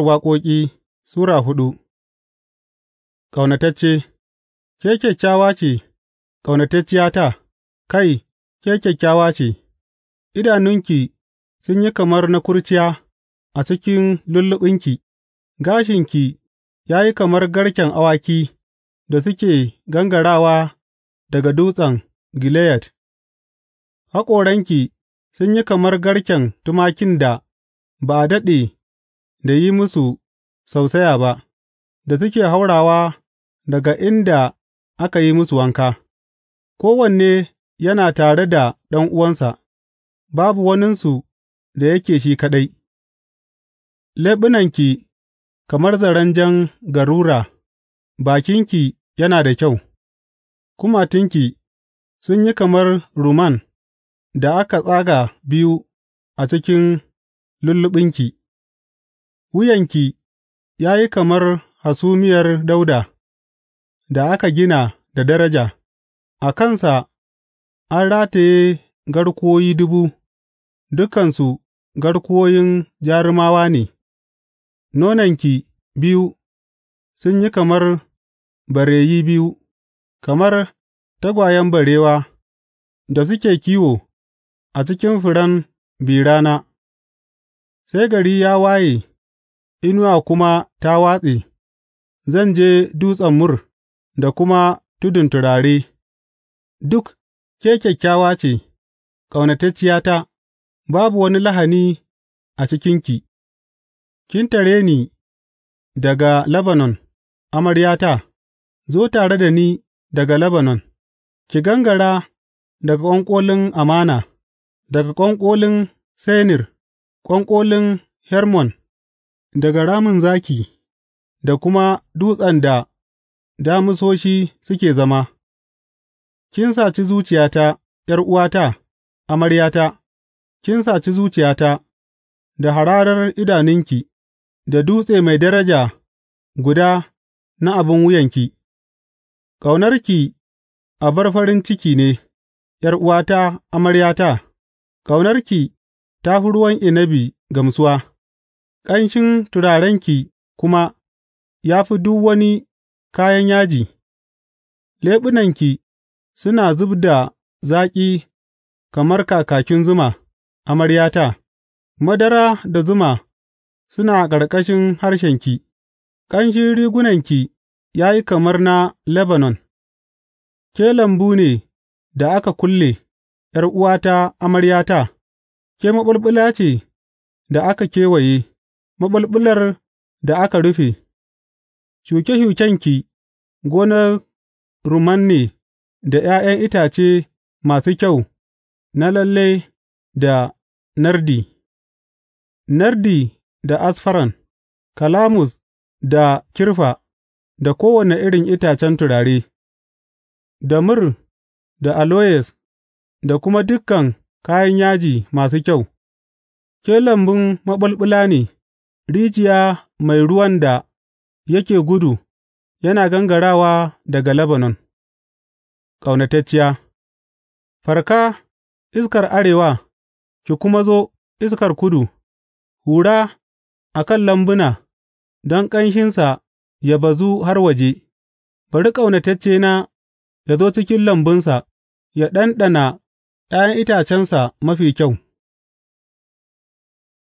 Waƙar Waƙoƙi Sura hudu Ƙaunatacce Ke kyakkyawa ce, ƙaunatacciyata, kai, ke kyakkyawa ce, idanunki sun yi kamar na kurciya a cikin lulluɓinki, gashinki ya yi kamar garken awaki da suke gangarawa daga dutsen Gileyad, haƙoranki sun yi kamar garken tumakin da ba a daɗe da yi musu sausaya ba, da suke haurawa daga inda aka yi musu wanka, kowanne yana tare da ɗan'uwansa, babu waninsu da yake shi kaɗai. Leɓunanki kamar zaren jan garura, bakinki yana da kyau, kumatunki sun yi kamar ruman da aka tsaga biyu a cikin lulluɓinki. Wuyanki ya yi kamar hasumiyar Dawuda da aka gina da daraja; a kansa an rataye garkuwoyi dubu, dukansu garkuwoyin jarumawa ne; nonanki biyu sun yi kamar bareyi biyu, kamar tagwayen barewa da suke kiwo a cikin furen bi rana, sai gari ya waye. inuwa kuma ta watse, zan je dutsen mur da kuma tudun turare; duk ke kyakkyawa ce, ƙaunatacciyata, babu wani lahani a cikinki; kin tare ni daga Lebanon, amaryata, zo tare da ni daga Lebanon, ki gangara daga ƙwanƙolin Amana, daga ƙwanƙolin Senir, ƙwanƙolin Hermon. daga ramin zaki da kuma dutsen da damisoshi suke zama; kin saci zuciyata, ’yar'uwata, amaryata, kin saci zuciyata da hararar idanunki, da dutse mai daraja guda na abin wuyanki; ƙaunarki a bar farin ciki ne, ’yar'uwata, amaryata, ƙaunarki ta fi ruwan inabi gamsuwa. Ƙanshin turarenki kuma ya fi duk wani kayan yaji; leɓunanki suna zub da zaƙi kamar kakakin zuma, amaryata, madara da zuma suna a ƙarƙashin harshenki; ƙanshin rigunanki ya yi kamar na Lebanon, ke lambu ne da aka kulle, ’yar'uwata, amaryata, ke maɓulɓula ce da aka kewaye. Maɓulɓular da aka rufe Shuke shukenki gonar rumman ne da ’ya'yan itace masu kyau na lalle da nardi, nardi da asfaran, kalamus da kirfa da kowane irin itacen turare, da mur da aloyes da kuma dukan kayan yaji masu kyau, ke lambun maɓulɓula ne. rijiya mai ruwan da yake gudu yana gangarawa daga Lebanon. Ƙaunatacciya Farka, iskar arewa, ki kuma zo, iskar kudu, hura a kan lambuna, don ƙanshinsa ya bazu har waje, bari ƙaunataccena ya zo cikin lambunsa, ya ɗanɗana ’ya'yan itacensa mafi kyau.